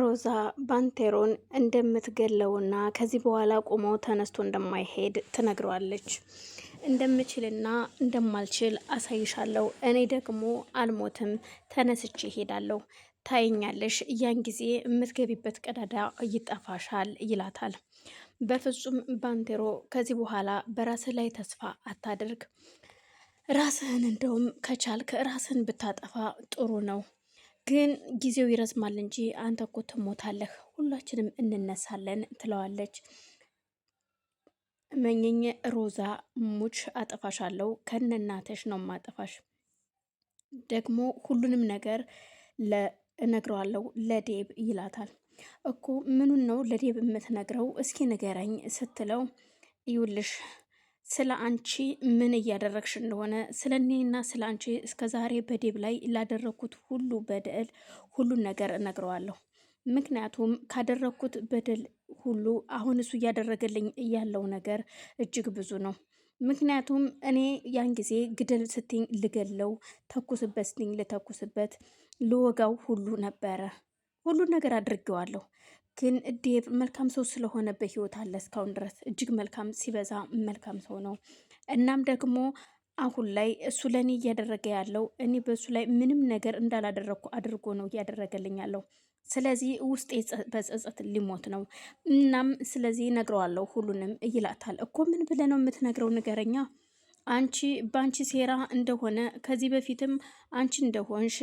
ሮዛ ባንቴሮን እንደምትገለውና ከዚህ በኋላ ቆሞ ተነስቶ እንደማይሄድ ትነግረዋለች። እንደምችልና እንደማልችል አሳይሻለሁ። እኔ ደግሞ አልሞትም፣ ተነስቼ እሄዳለሁ። ታይኛለሽ፣ ያን ጊዜ የምትገቢበት ቀዳዳ ይጠፋሻል ይላታል። በፍጹም ባንቴሮ፣ ከዚህ በኋላ በራስህ ላይ ተስፋ አታድርግ። ራስህን እንደውም ከቻልክ ራስህን ብታጠፋ ጥሩ ነው ግን ጊዜው ይረዝማል እንጂ አንተ እኮ ትሞታለህ፣ ሁላችንም እንነሳለን ትለዋለች። መኘኝ ሮዛ ሙች አጠፋሻለሁ፣ ከነናተሽ ነው ማጠፋሽ። ደግሞ ሁሉንም ነገር እነግረዋለሁ ለዴብ ይላታል። እኮ ምኑን ነው ለዴብ የምትነግረው? እስኪ ንገረኝ ስትለው ይውልሽ ስለ አንቺ ምን እያደረግሽ እንደሆነ ስለ እኔና ስለ አንቺ እስከ ዛሬ በዴብ ላይ ላደረግኩት ሁሉ በደል ሁሉን ነገር እነግረዋለሁ። ምክንያቱም ካደረግኩት በደል ሁሉ አሁን እሱ እያደረገልኝ ያለው ነገር እጅግ ብዙ ነው። ምክንያቱም እኔ ያን ጊዜ ግደል ስትኝ ልገለው፣ ተኩስበት ስትኝ ልተኩስበት፣ ልወጋው ሁሉ ነበረ። ሁሉን ነገር አድርጌዋለሁ። ግን ዴብ መልካም ሰው ስለሆነ በህይወት አለ እስካሁን ድረስ እጅግ መልካም ሲበዛ መልካም ሰው ነው። እናም ደግሞ አሁን ላይ እሱ ለእኔ እያደረገ ያለው እኔ በእሱ ላይ ምንም ነገር እንዳላደረግኩ አድርጎ ነው እያደረገልኝ ያለው። ስለዚህ ውስጤ በጸጸት ሊሞት ነው። እናም ስለዚህ ነግረዋለሁ ሁሉንም ይላታል እኮ ምን ብለህ ነው የምትነግረው? ንገረኛ አንቺ በአንቺ ሴራ እንደሆነ ከዚህ በፊትም አንቺ እንደሆንሽ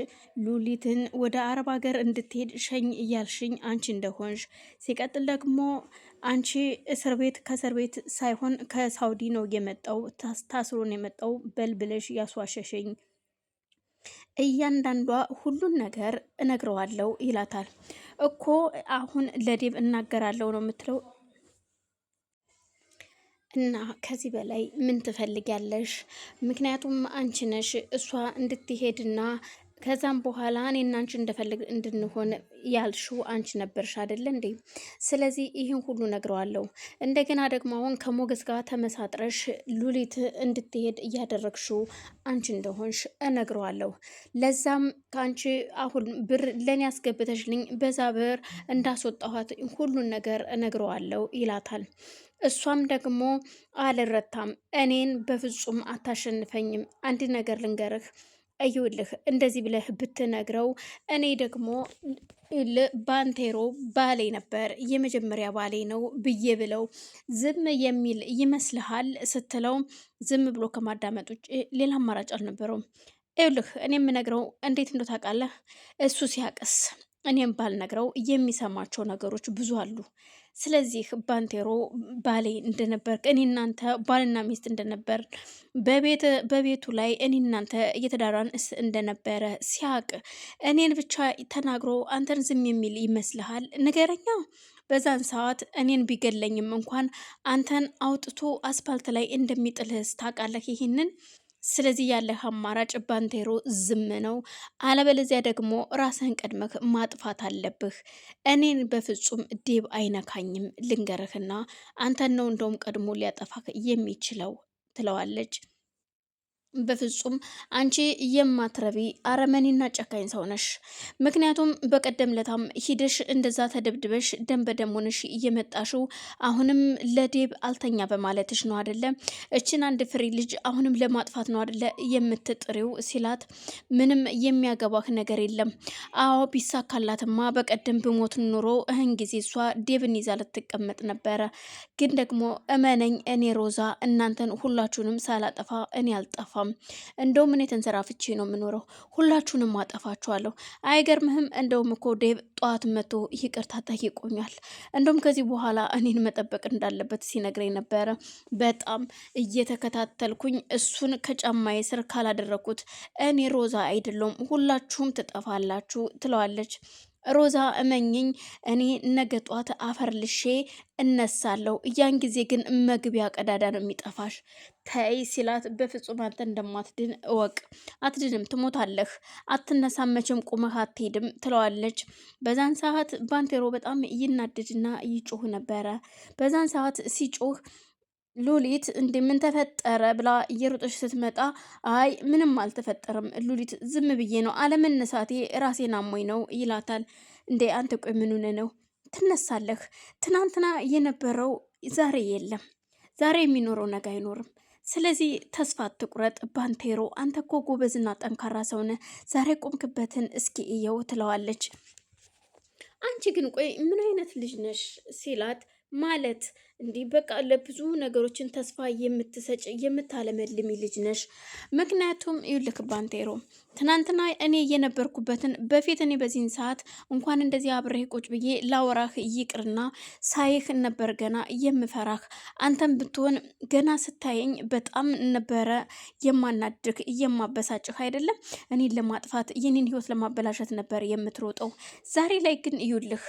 ሉሊትን ወደ አረብ ሀገር እንድትሄድ ሸኝ እያልሽኝ አንቺ እንደሆንሽ፣ ሲቀጥል ደግሞ አንቺ እስር ቤት ከእስር ቤት ሳይሆን ከሳውዲ ነው የመጣው ታስሮን የመጣው በል ብለሽ ያስዋሸሸኝ። እያንዳንዷ ሁሉን ነገር እነግረዋለሁ ይላታል እኮ። አሁን ለዴብ እናገራለሁ ነው የምትለው። እና ከዚህ በላይ ምን ትፈልጊያለሽ? ምክንያቱም አንቺ ነሽ እሷ እንድትሄድና ከዛም በኋላ እኔ እና አንቺ እንድንሆን ያልሽው አንቺ ነበርሽ አይደለ እንዴ? ስለዚህ ይህን ሁሉ ነግረዋለሁ። እንደገና ደግሞ አሁን ከሞገስ ጋር ተመሳጥረሽ ሉሊት እንድትሄድ እያደረግሽው አንቺ እንደሆንሽ እነግረዋለሁ። ለዛም ከአንቺ አሁን ብር ለእኔ ያስገብተሽልኝ በዛ ብር እንዳስወጣኋት ሁሉን ነገር እነግረዋለሁ ይላታል። እሷም ደግሞ አልረታም፣ እኔን በፍጹም አታሸንፈኝም። አንድ ነገር ልንገርህ እይውልህ እንደዚህ ብለህ ብትነግረው እኔ ደግሞ ባንቴሮ ባሌ ነበር የመጀመሪያ ባሌ ነው ብዬ ብለው ዝም የሚል ይመስልሃል? ስትለው ዝም ብሎ ከማዳመጥ ውጭ ሌላ አማራጭ አልነበረውም። ይኸውልህ እኔ የምነግረው እንዴት እንዶ ታውቃለህ? እሱ ሲያቅስ እኔም ባልነግረው የሚሰማቸው ነገሮች ብዙ አሉ። ስለዚህ ባንቴሮ ባሌ እንደነበር እኔ እናንተ ባልና ሚስት እንደነበር በቤቱ ላይ እኔ እናንተ እየተዳራን እንደነበረ ሲያቅ እኔን ብቻ ተናግሮ አንተን ዝም የሚል ይመስልሃል? ነገረኛ በዛን ሰዓት እኔን ቢገለኝም እንኳን አንተን አውጥቶ አስፓልት ላይ እንደሚጥልህ ታውቃለህ? ይህንን ስለዚህ ያለህ አማራጭ ባንቴሮ ዝም ነው፣ አለበለዚያ ደግሞ ራስህን ቀድመህ ማጥፋት አለብህ። እኔን በፍጹም ዴብ አይነካኝም ልንገርህና አንተን ነው እንደውም ቀድሞ ሊያጠፋህ የሚችለው ትለዋለች። በፍጹም አንቺ የማትረቢ አረመኔና ጨካኝ ሰው ነሽ። ምክንያቱም በቀደም ለታም ሂደሽ እንደዛ ተደብድበሽ ደም በደም ሆነሽ እየመጣሽው አሁንም ለዴብ አልተኛ በማለትሽ ነው አደለ? እችን አንድ ፍሬ ልጅ አሁንም ለማጥፋት ነው አደለ የምትጥሪው? ሲላት ምንም የሚያገባህ ነገር የለም። አዎ ቢሳካላትማ በቀደም ብሞት ኑሮ እህን ጊዜ እሷ ዴብን ይዛ ልትቀመጥ ነበረ። ግን ደግሞ እመነኝ እኔ ሮዛ እናንተን ሁላችሁንም ሳላጠፋ እኔ አልጠፋም አልገባም። እንደውም እኔ ተንሰራፍቼ ነው የምኖረው፣ ሁላችሁንም አጠፋችኋለሁ። አይገርምህም? እንደውም እኮ ዴቭ ጠዋት መቶ ይቅርታ ጠይቆኛል። እንደውም ከዚህ በኋላ እኔን መጠበቅ እንዳለበት ሲነግረኝ ነበረ። በጣም እየተከታተልኩኝ እሱን ከጫማዬ ስር ካላደረኩት እኔ ሮዛ አይደለሁም፣ ሁላችሁም ትጠፋላችሁ ትለዋለች። ሮዛ እመኝኝ እኔ ነገ ጧት አፈር ልሼ እነሳለሁ። እያን ጊዜ ግን መግቢያ ቀዳዳ ነው የሚጠፋሽ። ተይ ሲላት በፍጹም አንተ እንደማትድን እወቅ። አትድንም፣ ትሞታለህ። አትነሳ፣ መቼም ቁመህ አትሄድም ትለዋለች። በዛን ሰዓት ባንቴሮ በጣም ይናደድና ይጮህ ነበረ። በዛን ሰዓት ሲጮህ ሉሊት እንዴ ምን ተፈጠረ ብላ እየሮጠች ስትመጣ፣ አይ ምንም አልተፈጠረም ሉሊት፣ ዝም ብዬ ነው አለመነሳቴ ራሴን አሞኝ ነው ይላታል። እንዴ አንተ ቆይ ምን ነው ትነሳለህ? ትናንትና የነበረው ዛሬ የለም፣ ዛሬ የሚኖረው ነገ አይኖርም። ስለዚህ ተስፋ አትቁረጥ ባንቴሮ፣ አንተ እኮ ጎበዝና ጠንካራ ሰውነ ዛሬ ቆምክበትን እስኪ እየው ትለዋለች። አንቺ ግን ቆይ ምን አይነት ልጅ ነሽ ሲላት ማለት እንዲህ በቃ ለብዙ ነገሮችን ተስፋ የምትሰጭ የምታለመልሚ ልጅ ነሽ። ምክንያቱም ይልክ ባንቴሮ ትናንትና እኔ የነበርኩበትን በፊት እኔ በዚህን ሰዓት እንኳን እንደዚህ አብሬህ ቁጭ ብዬ ላወራህ ይቅርና ሳይህ ነበር ገና የምፈራህ። አንተም ብትሆን ገና ስታየኝ በጣም ነበረ የማናድግ የማበሳጭህ አይደለም። እኔን ለማጥፋት የኔን ህይወት ለማበላሸት ነበር የምትሮጠው። ዛሬ ላይ ግን ይውልህ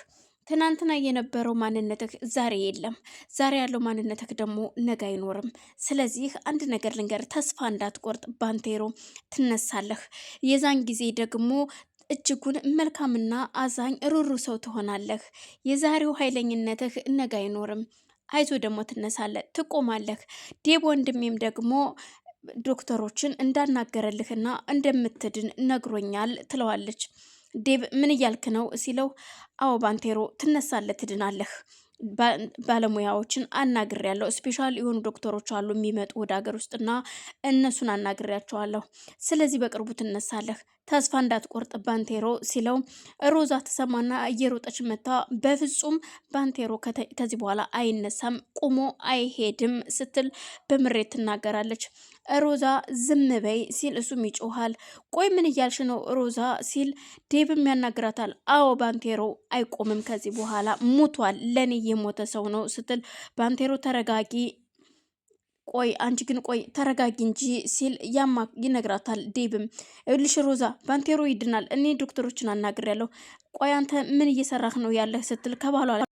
ትናንትና የነበረው ማንነትህ ዛሬ የለም። ዛሬ ያለው ማንነትህ ደግሞ ነገ አይኖርም። ስለዚህ አንድ ነገር ልንገር፣ ተስፋ እንዳትቆርጥ ባንቴሮ ትነሳለህ። የዛን ጊዜ ደግሞ እጅጉን መልካምና አዛኝ ሩሩ ሰው ትሆናለህ። የዛሬው ኃይለኝነትህ ነገ አይኖርም። አይዞ ደግሞ ትነሳለህ፣ ትቆማለህ። ዴብ ወንድሜም ደግሞ ዶክተሮችን እንዳናገረልህና እንደምትድን ነግሮኛል ትለዋለች። ዴብ ምን እያልክ ነው ሲለው፣ አዎ ባንቴሮ ትነሳለህ፣ ትድናለህ። ባለሙያዎችን አናግሬያለሁ። ስፔሻል የሆኑ ዶክተሮች አሉ የሚመጡ ወደ ሀገር ውስጥና እነሱን አናግሬያቸዋለሁ። ስለዚህ በቅርቡ ትነሳለህ። ተስፋ እንዳትቆርጥ ባንቴሮ ሲለው ሮዛ ተሰማና እየሮጠች መታ በፍጹም ባንቴሮ ከዚህ በኋላ አይነሳም፣ ቁሞ አይሄድም ስትል በምሬት ትናገራለች። ሮዛ ዝም በይ ሲል እሱም ይጮሃል። ቆይ ምን እያልሽ ነው ሮዛ ሲል ዴብም ያናግራታል። አዎ ባንቴሮ አይቆምም ከዚህ በኋላ ሙቷል ለእኔ የሞተ ሰው ነው ስትል ባንቴሮ ተረጋጊ ቆይ አንቺ ግን ቆይ ተረጋጊ እንጂ ሲል ያማ ይነግራታል። ዴብም እልሽ ሮዛ ባንቴሮ ይድናል እኔ ዶክተሮችን አናግሬያለሁ። ቆይ አንተ ምን እየሰራህ ነው ያለህ ስትል ከባሏል